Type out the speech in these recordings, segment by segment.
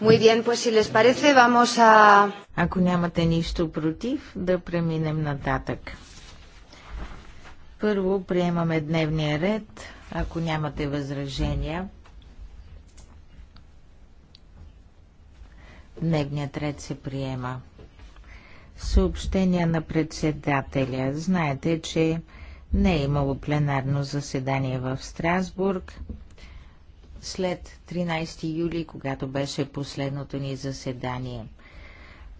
Muy bien, pues si les parece, vamos a... Ако нямате нищо против, да преминем нататък. Първо приемаме дневния ред, ако нямате възражения. Дневният ред се приема. Съобщения на председателя. Знаете, че не е имало пленарно заседание в Страсбург след 13 юли, когато беше последното ни заседание.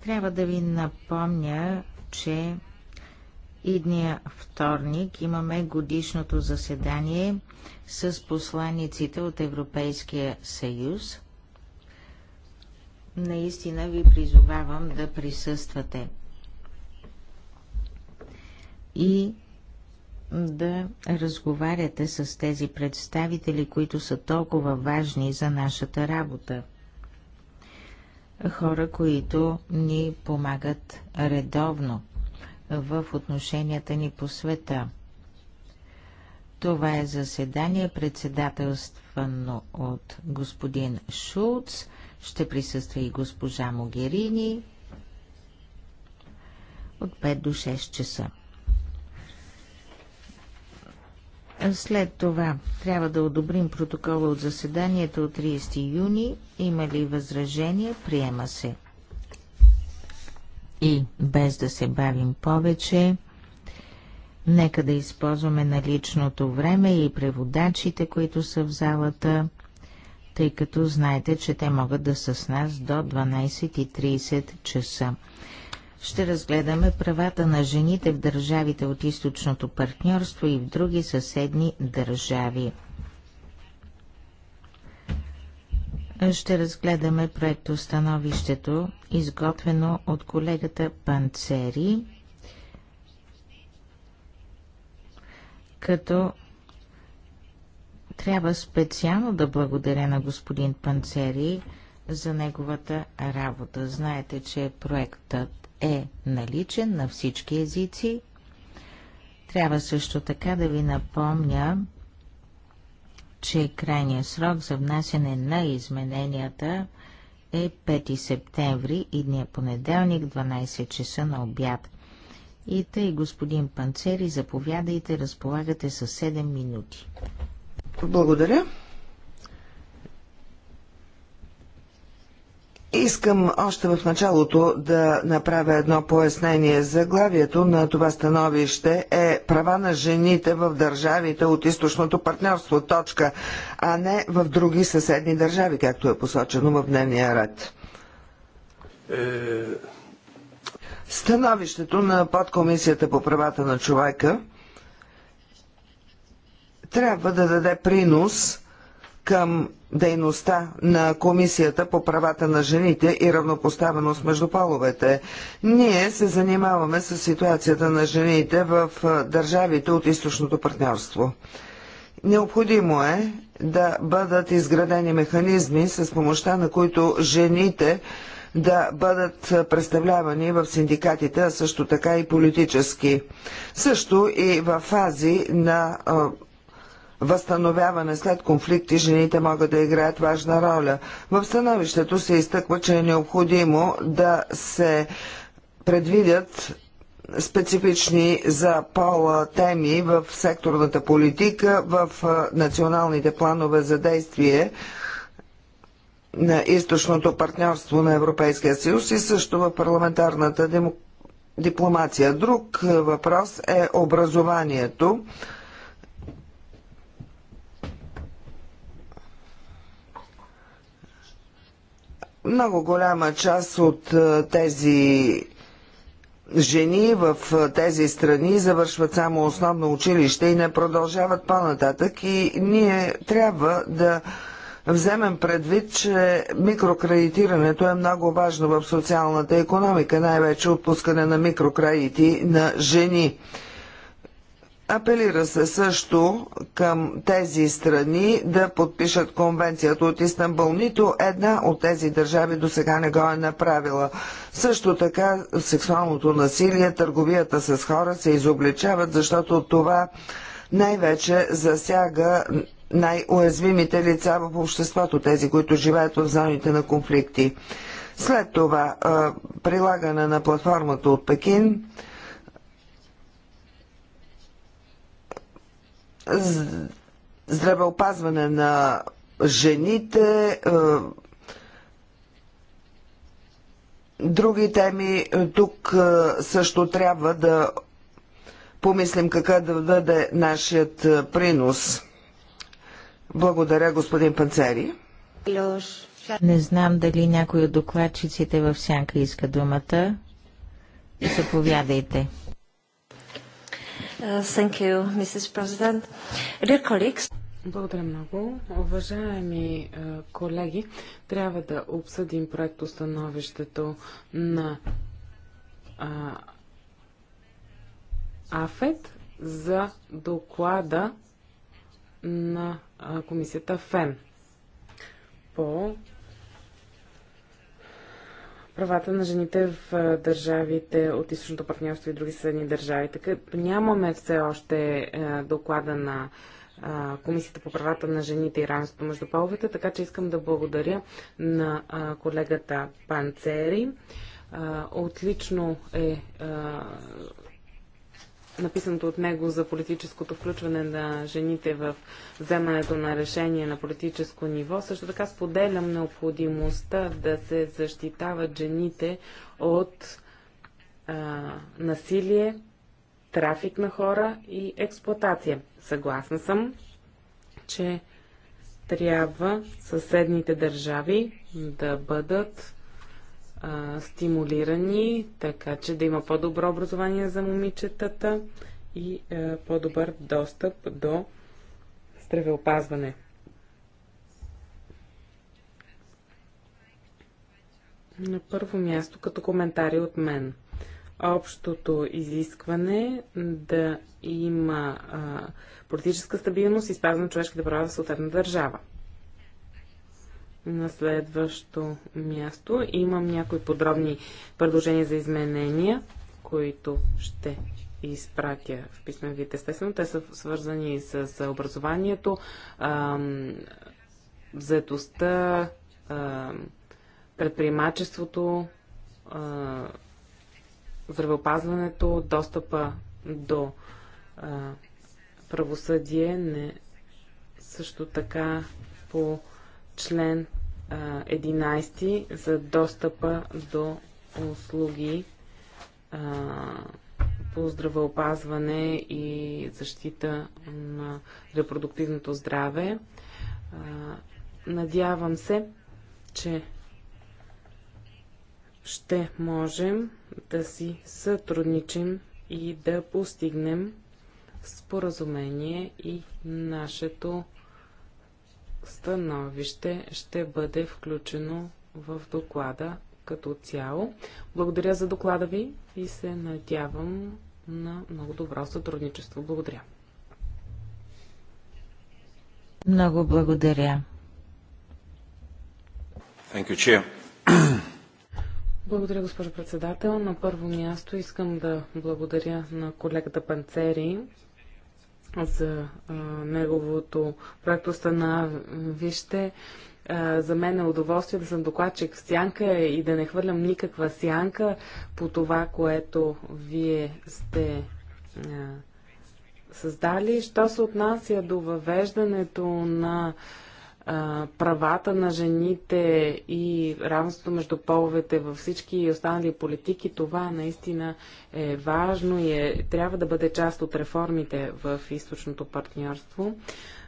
Трябва да ви напомня, че идния вторник имаме годишното заседание с посланиците от Европейския съюз. Наистина ви призовавам да присъствате. И да разговаряте с тези представители, които са толкова важни за нашата работа. Хора, които ни помагат редовно в отношенията ни по света. Това е заседание, председателствано от господин Шулц. Ще присъства и госпожа Могерини от 5 до 6 часа. След това трябва да одобрим протокола от заседанието от 30 юни. Има ли възражения? Приема се. И без да се бавим повече, нека да използваме наличното време и преводачите, които са в залата, тъй като знаете, че те могат да са с нас до 12.30 часа ще разгледаме правата на жените в държавите от източното партньорство и в други съседни държави. Ще разгледаме проектостановището, изготвено от колегата Панцери, като трябва специално да благодаря на господин Панцери за неговата работа. Знаете, че проектът е наличен на всички езици. Трябва също така да ви напомня, че крайният срок за внасяне на измененията е 5 септември и дния понеделник, 12 часа на обяд. И тъй, господин Панцери, заповядайте, разполагате с 7 минути. Благодаря. Искам още в началото да направя едно пояснение. Заглавието на това становище е права на жените в държавите от източното партньорство, точка, а не в други съседни държави, както е посочено в дневния ред. Е, Становището на подкомисията по правата на човека трябва да даде принос към дейността на Комисията по правата на жените и равнопоставеност между половете. Ние се занимаваме с ситуацията на жените в държавите от източното партньорство. Необходимо е да бъдат изградени механизми, с помощта на които жените да бъдат представлявани в синдикатите, а също така и политически. Също и в фази на възстановяване след конфликти жените могат да играят важна роля. В становището се изтъква, че е необходимо да се предвидят специфични за пола теми в секторната политика, в националните планове за действие на източното партньорство на Европейския съюз и също в парламентарната дипломация. Друг въпрос е образованието. Много голяма част от е, тези жени в е, тези страни завършват само основно училище и не продължават по-нататък и ние трябва да вземем предвид, че микрокредитирането е много важно в социалната економика, най-вече отпускане на микрокредити на жени. Апелира се също към тези страни да подпишат конвенцията от Истанбул. Нито една от тези държави до сега не го е направила. Също така сексуалното насилие, търговията с хора се изобличават, защото това най-вече засяга най-уязвимите лица в обществото, тези, които живеят в зоните на конфликти. След това прилагане на платформата от Пекин – здравеопазване на жените, е, други теми. Тук е, също трябва да помислим какъв да бъде нашият е, принос. Благодаря, господин Панцери. Не знам дали някой от докладчиците в сянка иска думата. Заповядайте. Uh, thank you, Mrs. President. Dear colleagues, благодаря много. Уважаеми е, колеги, трябва да обсъдим проектостановището на а, АФЕД за доклада на комисията ФЕМ по правата на жените в държавите от източното партньорство и други съседни държави. Така нямаме все още доклада на Комисията по правата на жените и равенството между половете, така че искам да благодаря на колегата Панцери. Отлично е написаното от него за политическото включване на жените в вземането на решение на политическо ниво. Също така споделям необходимостта да се защитават жените от а, насилие, трафик на хора и експлоатация. Съгласна съм, че трябва съседните държави да бъдат а, стимулирани, така че да има по-добро образование за момичетата и а, по-добър достъп до здравеопазване. На първо място като коментари от мен. Общото изискване да има а, политическа стабилност и спазване на човешките права в съответна държава. На следващо място имам някои подробни предложения за изменения, които ще изпратя в писмен вид. Естествено, те са свързани с образованието, заедостта, предприемачеството, здравеопазването, достъпа до правосъдие, не, също така по член 11 за достъпа до услуги по здравеопазване и защита на репродуктивното здраве. Надявам се, че ще можем да си сътрудничим и да постигнем споразумение и нашето становище ще бъде включено в доклада като цяло. Благодаря за доклада ви и се надявам на много добро сътрудничество. Благодаря. Много благодаря. Thank you, Chair. Благодаря, госпожо председател. На първо място искам да благодаря на колегата Панцери за а, неговото проекто Вижте, А, за мен е удоволствие да съм докладчик в сянка и да не хвърлям никаква сянка по това, което вие сте а, създали. Що се отнася до въвеждането на а, правата на жените и равенството между половете във всички останали политики, това наистина е важно и е, трябва да бъде част от реформите в източното партньорство.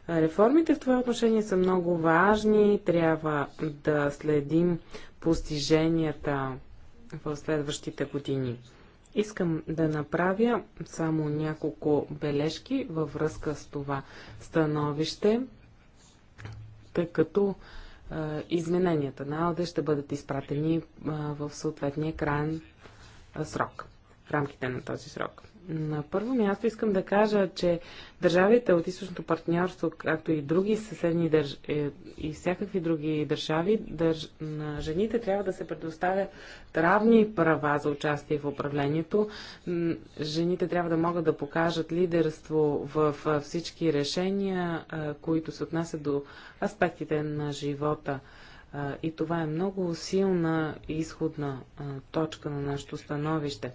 Реформите в това отношение са много важни. Трябва да следим постиженията в следващите години. Искам да направя само няколко бележки във връзка с това становище тъй като измененията на АЛДЕ ще бъдат изпратени в съответния крайен срок, в рамките на този срок. На първо място искам да кажа, че държавите от източното партньорство, както и други съседни държ... Е, и всякакви други държави, държ... на жените трябва да се предоставят равни права за участие в управлението. Жените трябва да могат да покажат лидерство в всички решения, които се отнасят до аспектите на живота. И това е много силна изходна точка на нашето становище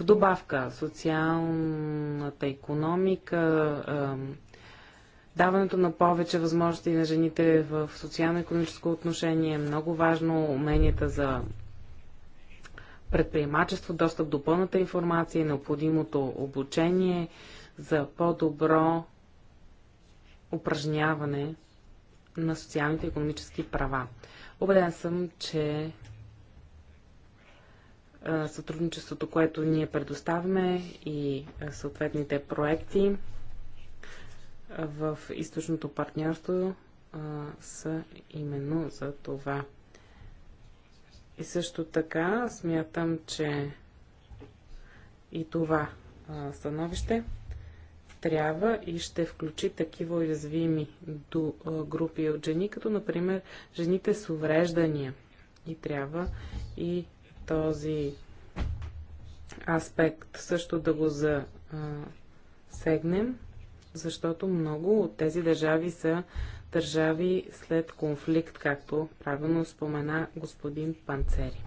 в добавка. Социалната економика, даването на повече възможности на жените в социално-економическо отношение е много важно. Уменията за предприемачество, достъп до пълната информация, необходимото обучение за по-добро упражняване на социалните и економически права. Обеден съм, че сътрудничеството, което ние предоставяме и съответните проекти в източното партньорство са именно за това. И също така смятам, че и това становище трябва и ще включи такива уязвими до групи от жени, като например жените с увреждания. И трябва и този аспект също да го засегнем, защото много от тези държави са държави след конфликт, както правилно спомена господин Панцери.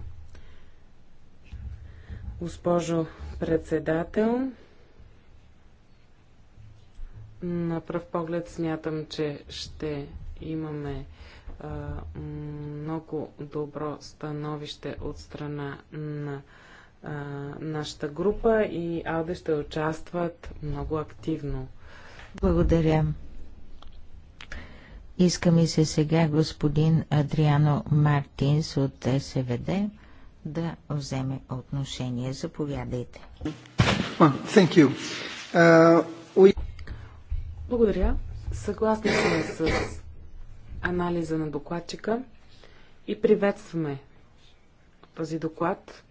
Госпожо председател, на пръв поглед смятам, че ще имаме много добро становище от страна на нашата група и Алде ще участват много активно. Благодаря. ми се сега господин Адриано Мартинс от СВД да вземе отношение. Заповядайте. Thank you. Uh, we... Благодаря. Съгласни сме с анализа на докладчика и приветстваме този доклад.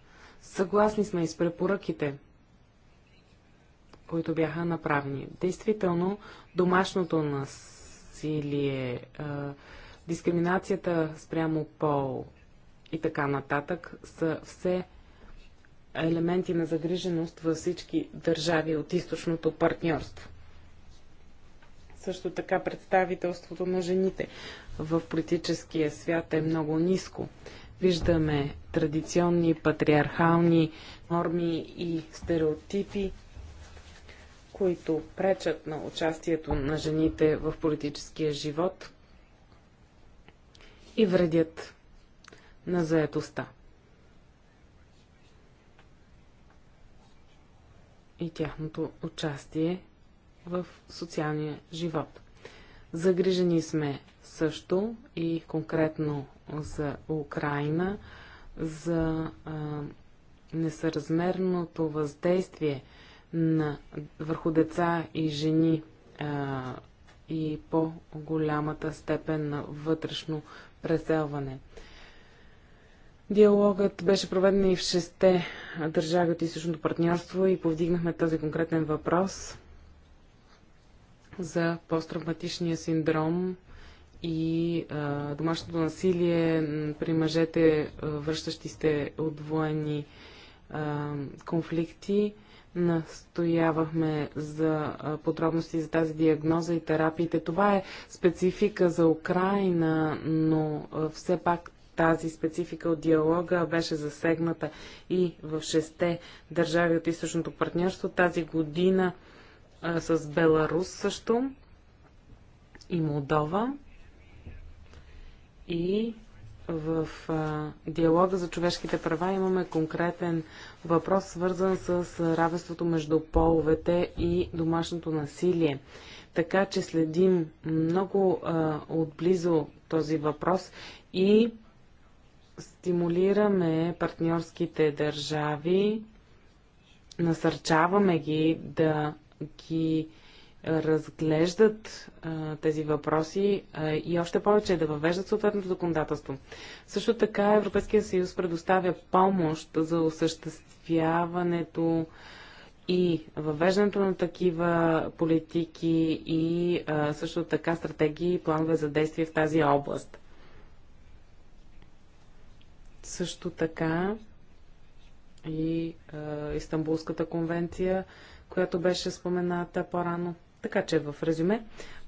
Съгласни сме и с препоръките, които бяха направени. Действително, домашното насилие, дискриминацията спрямо пол и така нататък са все елементи на загриженост във всички държави от източното партньорство. Също така представителството на жените в политическия свят е много ниско. Виждаме традиционни патриархални норми и стереотипи, които пречат на участието на жените в политическия живот и вредят на заетостта. И тяхното участие в социалния живот. Загрижени сме също и конкретно за Украина, за а, несъразмерното въздействие на, върху деца и жени а, и по-голямата степен на вътрешно преселване. Диалогът беше проведен и в шесте държави от източното партньорство и повдигнахме този конкретен въпрос за посттравматичния синдром и а, домашното насилие при мъжете, а, връщащи сте от военни а, конфликти. Настоявахме за а, подробности за тази диагноза и терапиите. Това е специфика за Украина, но а, все пак тази специфика от диалога беше засегната и в шесте държави от източното партньорство. Тази година а, с Беларус също и Молдова. И в а, диалога за човешките права имаме конкретен въпрос, свързан с равенството между половете и домашното насилие. Така че следим много а, отблизо този въпрос и стимулираме партньорските държави, насърчаваме ги да ги разглеждат а, тези въпроси а, и още повече да въвеждат съответното законодателство. Също така Европейския съюз предоставя помощ за осъществяването и въвеждането на такива политики и а, също така стратегии и планове за действие в тази област. Също така и а, Истанбулската конвенция която беше спомената по-рано. Така че в резюме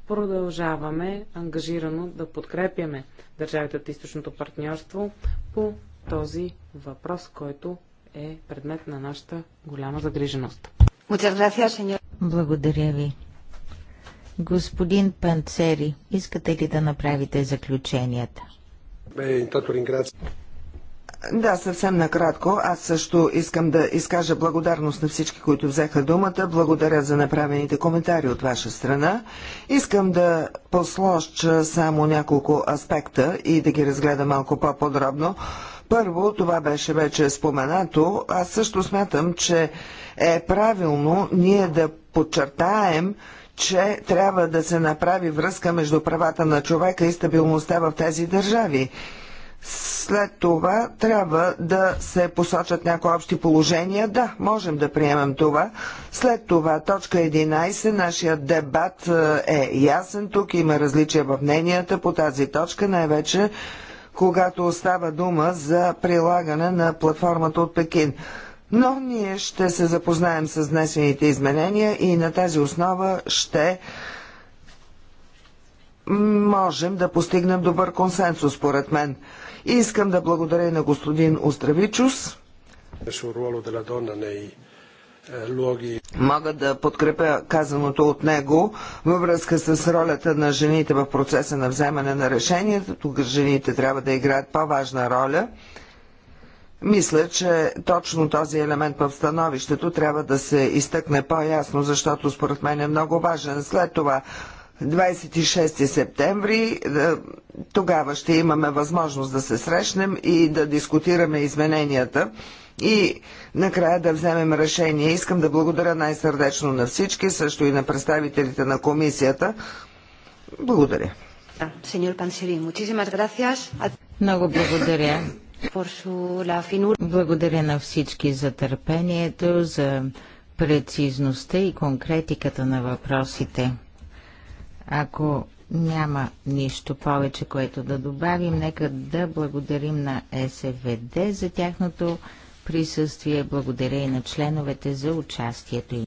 продължаваме ангажирано да подкрепяме държавите от източното партньорство по този въпрос, който е предмет на нашата голяма загриженост. Благодаря ви. Господин Панцери, искате ли да направите заключенията? Е, да, съвсем накратко. Аз също искам да изкажа благодарност на всички, които взеха думата. Благодаря за направените коментари от ваша страна. Искам да послоща само няколко аспекта и да ги разгледа малко по-подробно. Първо, това беше вече споменато. Аз също смятам, че е правилно ние да подчертаем, че трябва да се направи връзка между правата на човека и стабилността в тези държави. След това трябва да се посочат някои общи положения. Да, можем да приемем това. След това, точка 11, нашия дебат е, е ясен. Тук има различия в мненията по тази точка, най-вече когато остава дума за прилагане на платформата от Пекин. Но ние ще се запознаем с внесените изменения и на тази основа ще можем да постигнем добър консенсус, според мен. И искам да благодаря на господин Остравичус. Мога да подкрепя казаното от него във връзка с ролята на жените в процеса на вземане на решенията. Тук жените трябва да играят по-важна роля. Мисля, че точно този елемент в становището трябва да се изтъкне по-ясно, защото според мен е много важен. След това 26 септември. Е, тогава ще имаме възможност да се срещнем и да дискутираме измененията и накрая да вземем решение. Искам да благодаря най-сърдечно на всички, също и на представителите на комисията. Благодаря. Много благодаря. Благодаря на всички за търпението, за прецизността и конкретиката на въпросите. Ако няма нищо повече, което да добавим, нека да благодарим на СВД за тяхното присъствие. Благодаря и на членовете за участието им.